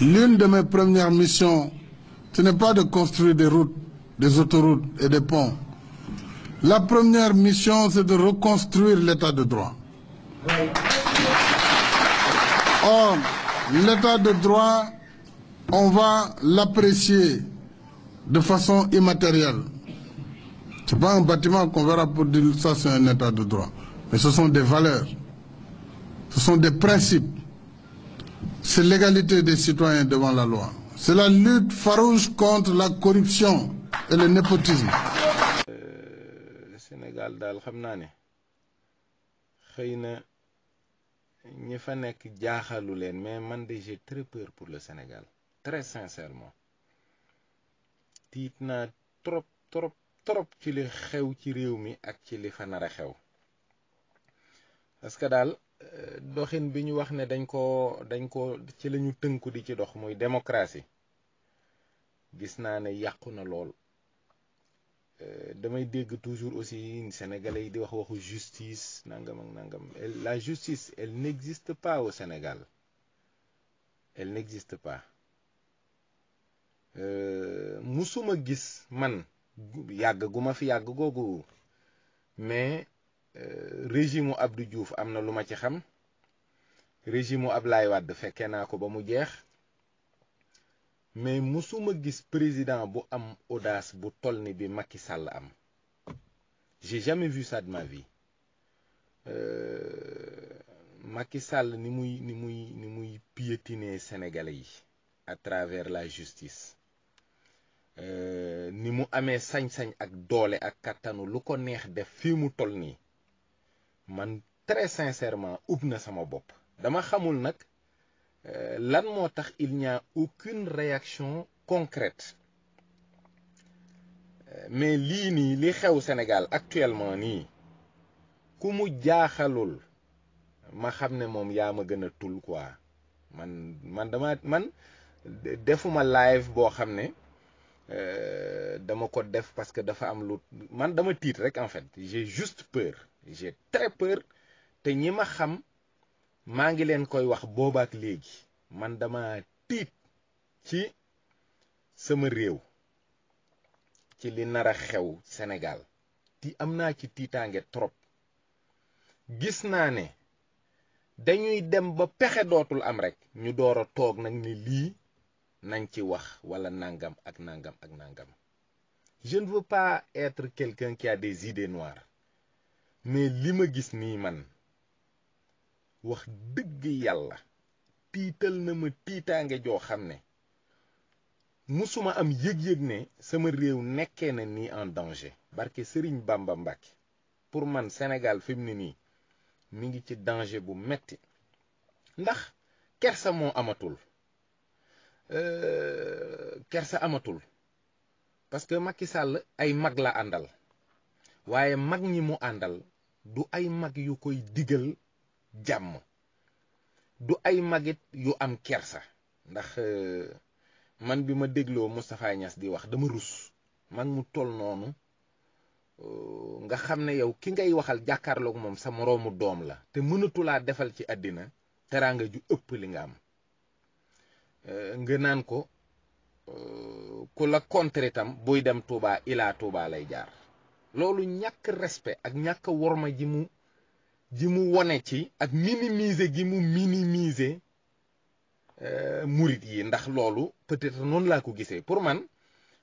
L'une de mes premières missions, ce n'est pas de construire des routes, des autoroutes et des ponts. La première mission, c'est de reconstruire l'état de droit. Or, l'état de droit, on va l'apprécier de façon immatérielle. Ce n'est pas un bâtiment qu'on verra pour dire ça, c'est un état de droit. Mais ce sont des valeurs, ce sont des principes c'est l'égalité des citoyens devant la loi. C'est la lutte farouche contre la corruption et le népotisme. Euh, le Sénégal d'Al xam naa ne ñi fa nek jaaxalu mais man de j'ai très peur pour le Sénégal très sincèrement tiit trop trop trop ci li xew ci réew mi ak ci li fa nar xew parce que dal Euh, doxin bi ñu wax ne dañ koo dañ ko ci la ñu tënku di ci dox mooy démocratie gis naa ne yàqu na lool euh, damay dégg toujours aussi sénégalais yi di wax waxu justice nangam ak nangam la justice elle n'existe pas au Sénégal elle n'existe pas euh, musuma gis man yàgg gu ma fi yàgg googu mais Euh, régime Abdou Diouf amna luma ci xam régime Ablaye Wade fekkee nako jeex mais musuma gis président bu am audace bu tolni bi Macky Sall am j'ai jamais vu ça de ma vie euh, Macky Sall ni muy ni muy ni muy piétiner Sénégalais yi à travers la justice euh, ni mu amé sañ-sañ ak doole ak katanu lu ko neex def fi mu man très sincèrement je sama euh, il n'y a aucune réaction concrète euh, mais li ni li xew Sénégal actuellement ni, que jaaxalul ma ne quoi man man dama man defuma live euh, parce que dafa am lu man dama rek en fait j'ai juste peur j'ai très te ñi ma xam maa ngi leen koy wax boobaak léegi man dama tiit ci sama réew ci li nar a xew senegal ti am naa ci tiitaange trop gis naa ne dañuy dem ba pexe dootul am rek ñu door a toog nag ni lii nañ ci wax walla nangam ak nangam ak nangam jeune ne veux pas être quelqu'un qui a des idées mais li ma gis nii man wax dëgg yàlla tiital na ma tiitaange joo xam ne musuma am yëg-yëg ne sama réew nekkee na nii en danger barke Serigne Bamba Mbàkke pour man senegal fi mu ne nii mi ngi ci danger bu metti ndax kersa moo amatul euh, kersa amatul parce que Macky Sall ay mag la àndal waaye mag ñi mu àndal du ay mag yu koy digal jàmm du ay magit yu am kersa ndax euh, man bi ma dégloo Moustapha Niass di wax dama rus mag mu toll noonu euh, nga xam ne yow ki ngay waxal jàkkaarloog moom sa moroomu doom la te mënatulaa defal ci àddina teraanga ju ëpp li nga am euh, nga naan ko ku la contre itam buy dem Touba ilaa Touba lay jaar loolu ñak respect ak ñak worma ji mu ji mu woné ci ak minimiser gi mu minimiser euh, mourid yi ndax loolu peut-être non la ko gissé pour man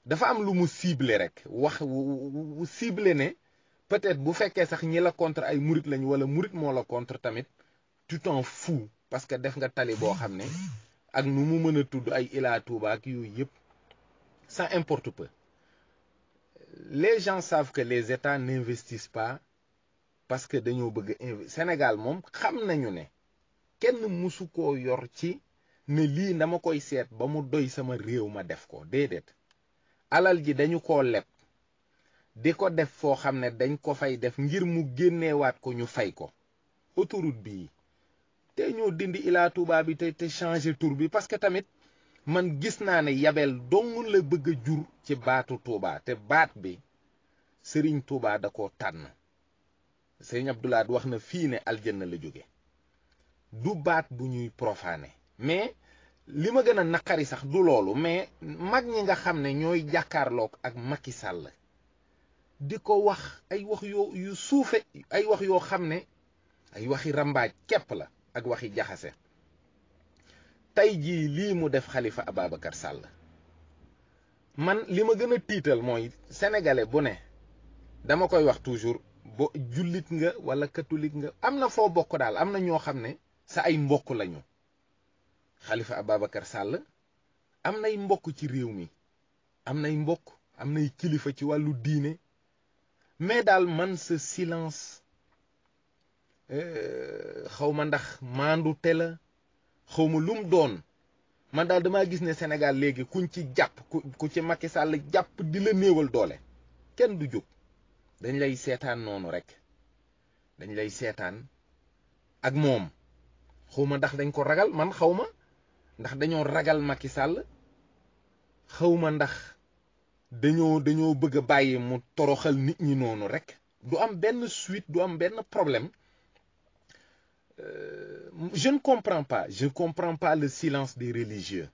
dafa am lu mu cibler rek wax wu ne peut-être bu féké sax ñi la contre ay mourid lañ wala mourid mo la contre tamit tu t'en fous parce que def nga tali bo xamné ak nu mu mëna a tudd ay ila touba ak yoy yépp ça importe peu Le jan sav ke le zeta n investis pa, paske denyo bege, Senegal mom, khamnen yone, ken mousou ko yor ti, ne li namo ko iset, ba mou doy seman rye ou ma def ko, dedet. Alalji, denyo ko lep, deko def fo khamnet, denyo ko fay def, ngir mou genewat ko, nyou fay ko. O touroud bi, tenyo dindi ila touba bi, tenye te chanje touroud bi, paske tamit, man gis naa ne yabel dong la bëgg a jur ci baatu Touba te baat bi sëriñ Touba da ko tànn sëriñ Abdoulaye wax na fii ne aljanna la jóge du baat bu ñuy profané mais li ma gën a naqari sax du loolu mais mag ñi nga xam ne ñooy jàkkaarloog ak Macky Sall di ko wax ay wax yu suufe ay wax yoo xam ne ay waxi rambaaj kepp la ak waxi jaxase tey jii lii mu def Khalifa Ababacar sàll man li ma gën a tiital mooy sénégalais bu ne dama koy wax toujours bo jullit nga wala katolik nga am na foo bokk daal am na ñoo xam ne sa ay mbokk lañu xalifa Ababacar sàll am nay mbokk ci réew mi am nay mbokk am nay kilifa ci wàllu diine mais daal man sa silence euh, xawma ndax maandu te la xaw ma lum doon man daal damaa gis ne Sénégal léegi kuñ ci jàpp ku ci makki Sall jàpp di la néewal doole kenn du jóg dañ lay seetaan noonu rek dañ lay seetaan ak moom xaw ma ndax dañ ko ragal man xaw ma ndax dañoo ragal Macky Sall xaw ndax dañoo dañoo bëgg a bàyyi mu toroxal nit ñi noonu rek du am benn suite du am benn problème. Euh, je ne comprends pas. Je ne comprends pas le silence des religieux.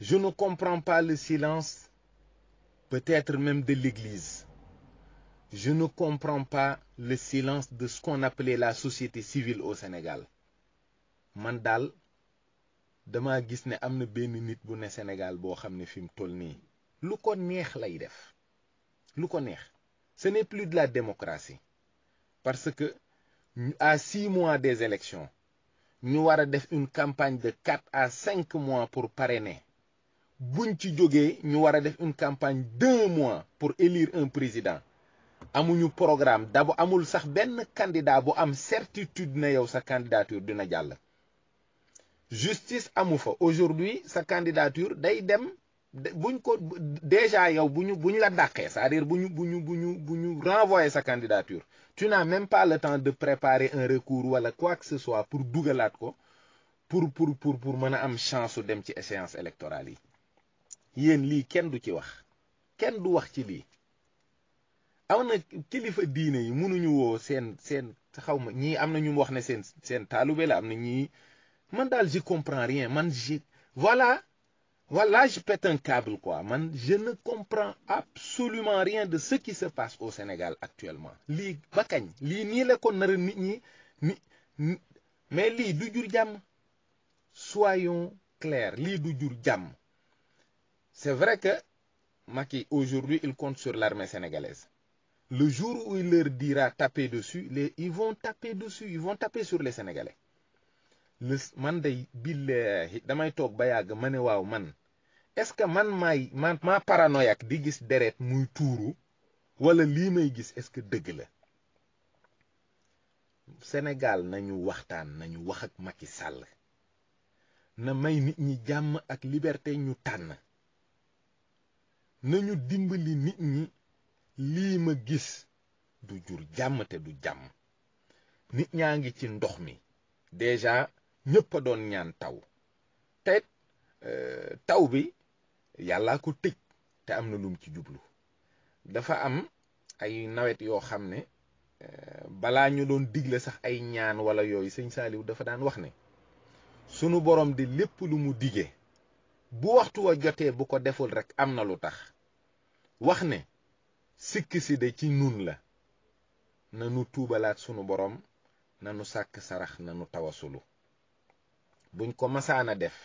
Je ne comprends pas le silence peut-être même de l'Église. Je ne comprends pas le silence de ce qu'on appelait la société civile au Sénégal. Mandal Demain, ne nit Sénégal ne ce n'est plus de la démocratie parce que à six mois des élections nous avons une campagne de quatre à cinq mois pour parrainer Nous ci jógee une campagne d'un mois pour élire un président un programme d'abord amul sax un candidat bu am certitude de sa candidature de justice amu aujourd'hui sa candidature day buñ ko déjà yow bu ñu la dàqee c'est-à-dire bu ñu bu ñu renvoyer sa candidature tu n'as même pas le temps de préparer un recours wala quoi que ce soit pour dougalat ko pour pour pour pour mën am chance dem ci échéance électorale yi yeen li kenn du ci wax kenn du wax ci li amna kilifa diiné yi mënuñu woo seen sen xaw ma ñii am ñu wax ne sen sen taalube la amna ñi man dal je comprends rien man je voilà voilà, je pète un câble, quoi. je ne comprends absolument rien de ce qui se passe au Sénégal actuellement. ni mais li du Soyons clairs, li du C'est vrai que Maki aujourd'hui, il compte sur l'armée sénégalaise. Le jour où il leur dira taper dessus, ils vont taper dessus, ils vont taper sur les Sénégalais. lës man de bill damay toog ba yàgg ma ne waaw man est-ce que man maay man maa paranoïaque di gis deret muy tuuru wala lii may gis est-ce que dëgg la senegal nañu waxtaan nañu wax ak Macky Sall na may nit ñi jàmm ak liberté ñu tànn nañu dimbali nit ñi lii ma gis du jur jàmm te du jàmm nit ñaa ngi ci ndox mi déjà ñëpp a doon ñaan taw te euh, taw bi yàllaa ko tëj te am na lum ci jublu dafa am ay nawet yoo xam ne euh, balaa ñu doon digle sax ay ñaan wala yooyu sëñ Saaliw dafa daan wax ne sunu borom di lépp lu mu dige bu waxtu wa jotee bu ko deful rek am na lu tax wax ne sikk si de ci nun la nanu tuubalaat sunu borom nanu sàkk sarax nanu tawasulu buñ ko masaan a def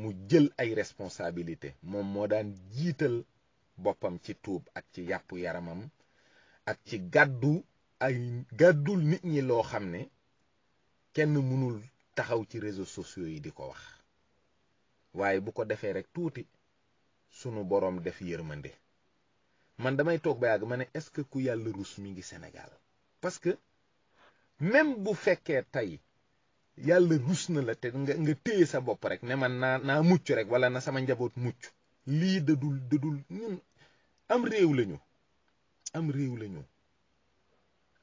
mu jël ay responsabilité moom moo daan jiital boppam ci tuub ak ci yàppu yaramam ak ci gàddu ay gàddul nit ñi loo xam ne kenn mënul taxaw ci réseau sociaux yi di ko wax waaye bu ko defee rek tuuti sunu boroom def yërmande man damay toog ba yàgg ma ne est-ce que ku yàlla rus mi ngi Sénégal parce que même bu fekkee tey yàlla rus na la te nga nga téye sa bopp rek ne man naa naa mucc rek wala na sama njaboot mucc lii dadul dadul ñun am réew lañu am réew lañu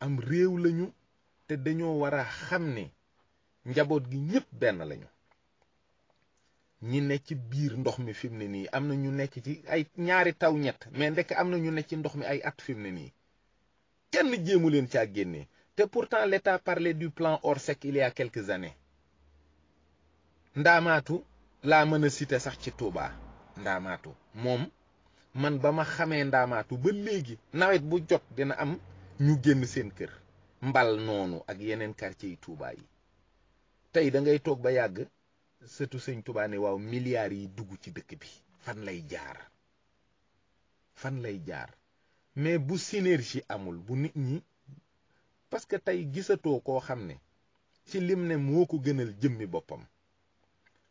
am réew lañu te dañoo war a xam ni njaboot gi ñépp benn lañu ñi ne ci biir ndox mi fi mu ne nii am na ñu nekk ci ay ñaari taw ñett mais ndekk am na ñu ne ci ndox mi ay at fi ne nii kenn jéemu leen caa génne te pourtant l'État parlait du plan Orsec il y a quelques années ndaamaatu laa mën a citer sax ci Touba ndaamaatu moom man ba ma xamee ndaamaatu ba léegi nawet bu jot dina am ñu génn seen kër mbal noonu ak yeneen quartier yi Touba yi tey da ngay toog ba yàgg sëtu sëñ Touba ne waaw milliards yi dugg ci dëkk bi fan lay jaar fan lay jaar mais bu sinergie amul bu nit ñi parce que tey gisatoo koo xam ne ci lim ne moo ko gënal jëmmi boppam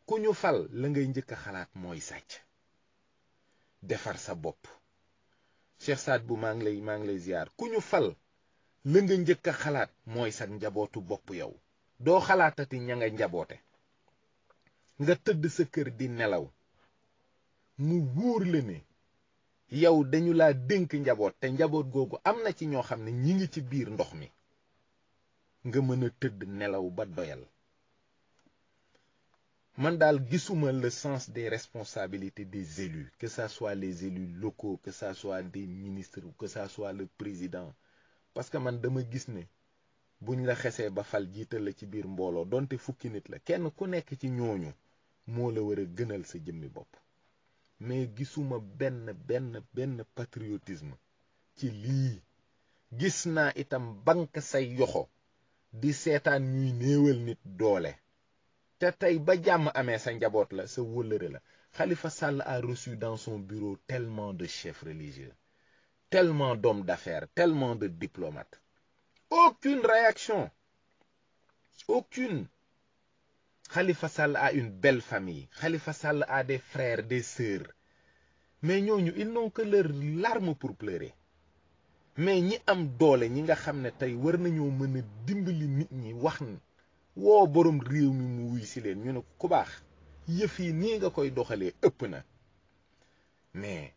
ku ñu fal la ngay njëkk a xalaat mooy sàcc defar sa bopp Cheikh Saad bu maa lay maa ngi lay ziar ku ñu fal la nga njëkk a xalaat mooy sa njabootu bopp yow doo xalaatati ña nga njaboote nga tëdd sa kër di nelaw mu wóor la ne yow dañu laa dénk njaboot te njaboot googu am na ci ñoo xam ne ñi ngi ci biir ndox mi nga mën a tëdd nelaw ba doyal man daal gisuma la sens des responsabilité des élus que ça soit les élus locaux que ça soit des ministres que ça soit le président parce que man dama gis ne buñ la xesee ba fal jiital la ci biir mbooloo donte fukki nit la kenn ku nekk ci ñooñu moo la war a gënal sa jëmmi bopp mais gisuma benn benn benn patriotisme ci lii gis naa itam banque say yoxo di pas de néewal nit doole te tey ba sa Khalifa Sall a reçu dans son bureau tellement de chefs religieux tellement d'hommes d'affaires tellement de diplomates aucune réaction aucune Khalifa Sall a une belle famille Khalifa Sall a des frères des sœurs mais ils n'ont que leurs larmes pour pleurer mais ñi am doole ñi nga xam ne tey war nañoo mën dimb dimbali nit ñi wax ni woo boroom réew mi mu wuy si leen ñu ne ko ku baax yëf yi nii nga koy doxalee ëpp na mais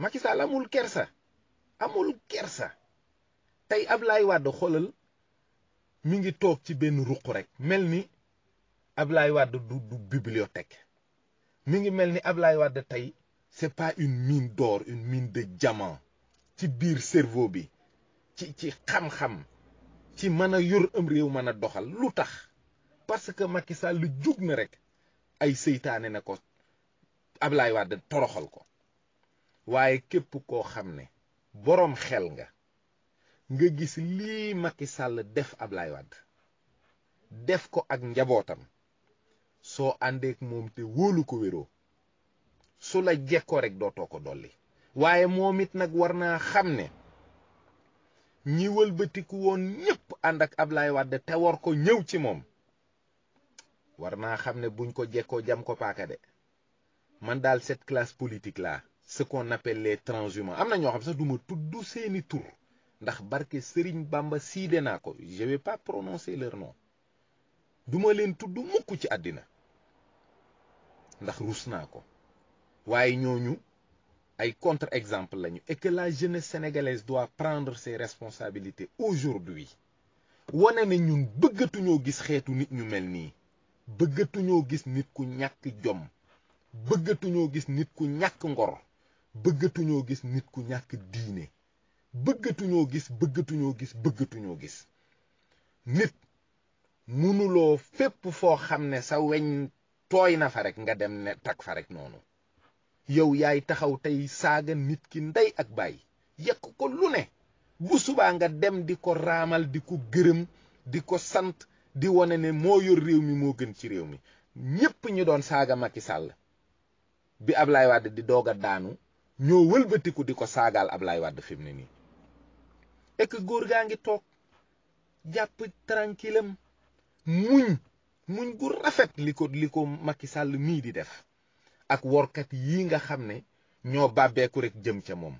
Macky amul kersa amul kersa tey Ablaye Wade xoolal mu ngi toog ci benn ruq rek mel ni ab lay du du bibliothèque mi ngi mel ni Ablaye Wade tey c'est pas une mine d'or une mine de diamant ci biir cerveau bi ci ci xam-xam ci mën a yor am réew mën a doxal lu tax parce que Macky Sall lu jug na rek ay seytaane na ko ab lay wàdd toroxal ko waaye képp koo xam ne boroom xel nga nga gis lii makki sàll def Ablaye wàdd def ko ak njabootam soo àndeek moom te wóolu ko wéroo su la jekkoo rek dootoo ko dolli waaye moom it nag war naa xam ne ñi wëlbatiku woon ñépp ànd ak Ablaye Wade te war ko ñëw ci moom war naa xam ne buñ ko jekkoo jam ko paaka de man daal set classe politique la ce qu'on appelle am na ñoo xam sax du ma tudd seeni tur ndax barke Serigne Bamba siide naa ko je vais pas prononcer leur nom duma leen tudd mukk ci àddina ndax rus naa ko waaye ñooñu ay contre-exemple lañu et que la jeunesse sénégalaise doit prendre ses responsabilités aujourd'hui wane ne ñun bëggatuñoo gis xeetu nit ñu mel nii bëggatuñoo gis nit ku ñakk jom bëggatuñoo gis nit ku ñàkk ngor bëggatuñoo gis nit ku ñàkk diine bëggatuñoo gis bëggatuñoo gis bëggatuñoo gis nit mënuloo fépp foo xam ne sa weñ tooy na fa rek nga dem ne takk fa rek noonu yow yaay taxaw tey saaga nit ki ndey ak bàyyi yekk ko lu ne bu subaa nga dem di ko raamal di ko gërëm di ko sant di wane ne moo yor réew mi moo gën ci réew mi ñépp ñu doon saaga Macky sàll bi ab Ablaye Wade di doog a daanu ñoo wëlbatiku di ko saagal Ablaye Wade fi mu ne nii ek góor gaa ngi toog jàpp tranquillam muñ muñ gu rafet li ko li ko Macky Sall mii di def ak workat yii nga xam ne ñoo bàbbeeku rek jëm ca moom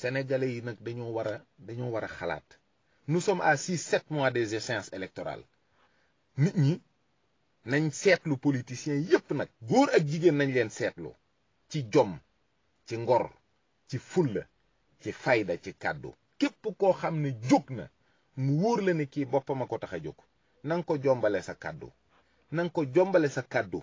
sénégalais yi nag dañoo war a dañoo war a xalaat nu some à six sept mois des échéances électorales nit ñi nañ seetlu politiciens yépp nag góor ak jigéen nañ leen seetlu ci jom ci ngor ci fulla ci fayda ci kàddu képp koo xam ne jóg na mu wóor la ne kii boppam a ko tax a jóg na nga ko jombale sa kàddu na ko jombale sa kàddu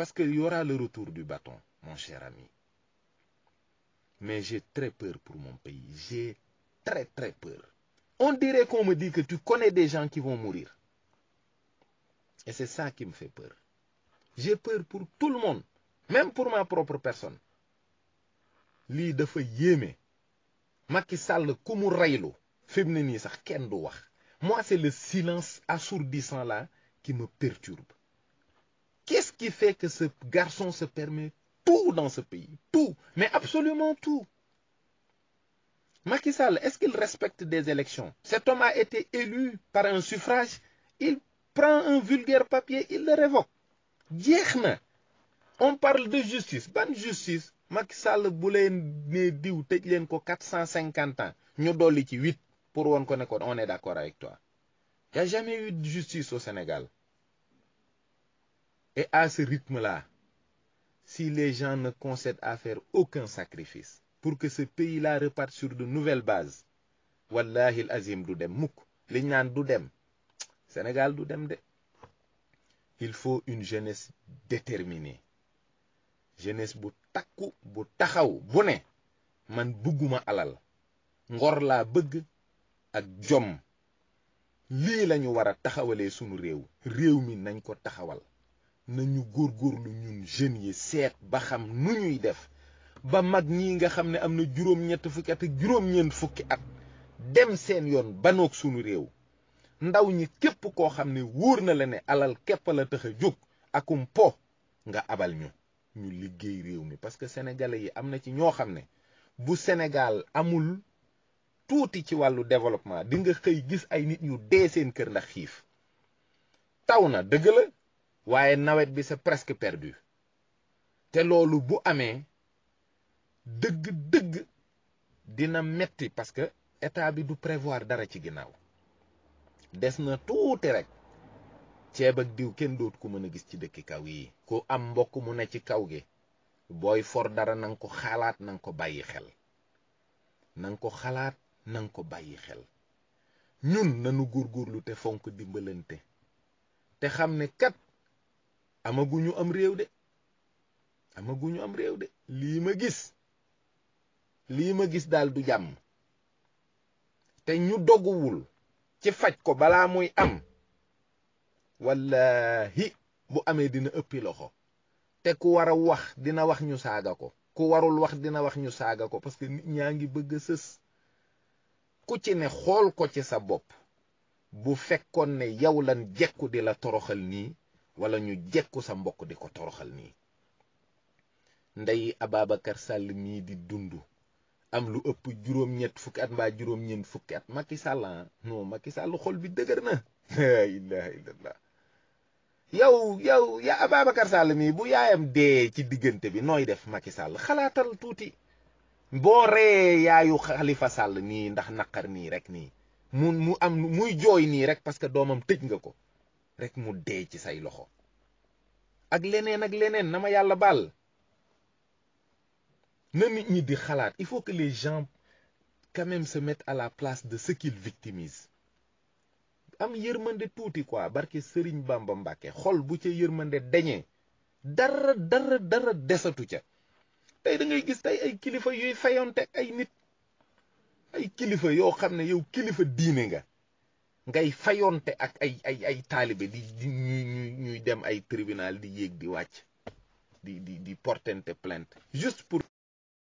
Parce qu'il y aura le retour du bâton, mon cher ami. Mais j'ai très peur pour mon pays. J'ai très très peur. On dirait qu'on me dit que tu connais des gens qui vont mourir. Et c'est ça qui me fait peur. J'ai peur pour tout le monde, même pour ma propre personne. moi c'est le silence assourdissant là qui me perturbe Qu'est-ce qui fait que ce garçon se permet tout dans ce pays Tout, mais absolument tout. Macky Sall, est-ce qu'il respecte des élections Cet homme a été élu par un suffrage. Il prend un vulgaire papier, il le révoque. On parle de justice. Bonne justice. Macky Sall 450 ans 8 pour on est d'accord avec toi. Il n'y a jamais eu de justice au Sénégal. Et à ce rythme-là, si les gens ne concèdent à faire aucun sacrifice pour que ce pays-là reparte sur de nouvelles bases, wallahi azim du dem mukk liñ Sénégal doudem il faut une jeunesse déterminée jeunesse bu takou, bu taxaw bu man alal ngor la bëgg ak jom Li lañu nyo wara sunu mi nañ ko nañu góor góorgóorlu ñun jeunes yi seet ba xam nu ñuy def ba mag ñi nga xam ne am na juróom-ñett fukki at ak dem seen yoon banoog sunu réew ndaw ñi képp koo xam ne wóor na la ne alal képp la tax a jóg akum po nga abal ñu ñu liggéey réew mi parce que sénégalais yi am na ci ñoo xam ne bu senegal amul tuuti ci wàllu développement di nga xëy gis ay nit yu dee seen kër ndax xiif taw na dëgg la waaye nawet bi sa presque perdu te loolu bu amee dëgg-dëgg dina metti parce que état bi du prévoir dara ci ginnaaw des na tuuti rek ceeb ak diw kenn dootu ko mën a gis ci dëkki kaw yi ku am mbokk mu ne ci kaw gi booy for dara na ko xalaat na ko bàyyi xel na ko xalaat na ko bàyyi xel ñun nanu góorgóorlu te fonk dimbalante te xam ne kat amaguñu am réew de amaguñu am réew de lii ma gis lii ma gis daal du jàmm te ñu doguwul ci faj ko balaa muy am wallahi bu amee dina ëppi loxo te ku war a wax dina wax ñu saaga ko ku warul wax dina wax ñu saaga ko parce que ñaa ngi bëgg a sës ku ci ne xool ko ci sa bopp bu fekkoon ne yow lan jekku di la toroxal nii wala ñu jekku sa mbokk di ko toroxal nii ndey Ababacar Sall mii di dund am lu ëpp juróom-ñett fukki at mbaa juróom-ñeent fukki at Macky Sall ah. non Macky Sall xol bi dëgër na laa yow yow ya Ababacar Sall mii bu yaayam dee ci diggante bi nooy def Macky Sall xalaatal tuuti boo ree yaayu Khalifa Sall nii ndax naqar nii rek nii mu mu am muy jooy nii rek parce que doomam tëj nga ko rek mu dee ci say loxo ak leneen ak leneen na ma yàlla baal na nit ñi di xalaat il faut que les gens quand même se à la place de ce qu'ils victimisent am yërmande tuuti quoi barke Sëriñ Bamba Mbàkke xol bu ca yërmande dañee dara dara dara desatu ca tey dangay gis tey ay kilifa yuy fayonte ay nit ay kilifa yoo xam ne yow kilifa diine nga ngay fayonte ak ay ay ay taalibe di ñuy dem ay tribunal di yéeg di wàcc di di di portente plainte juste pour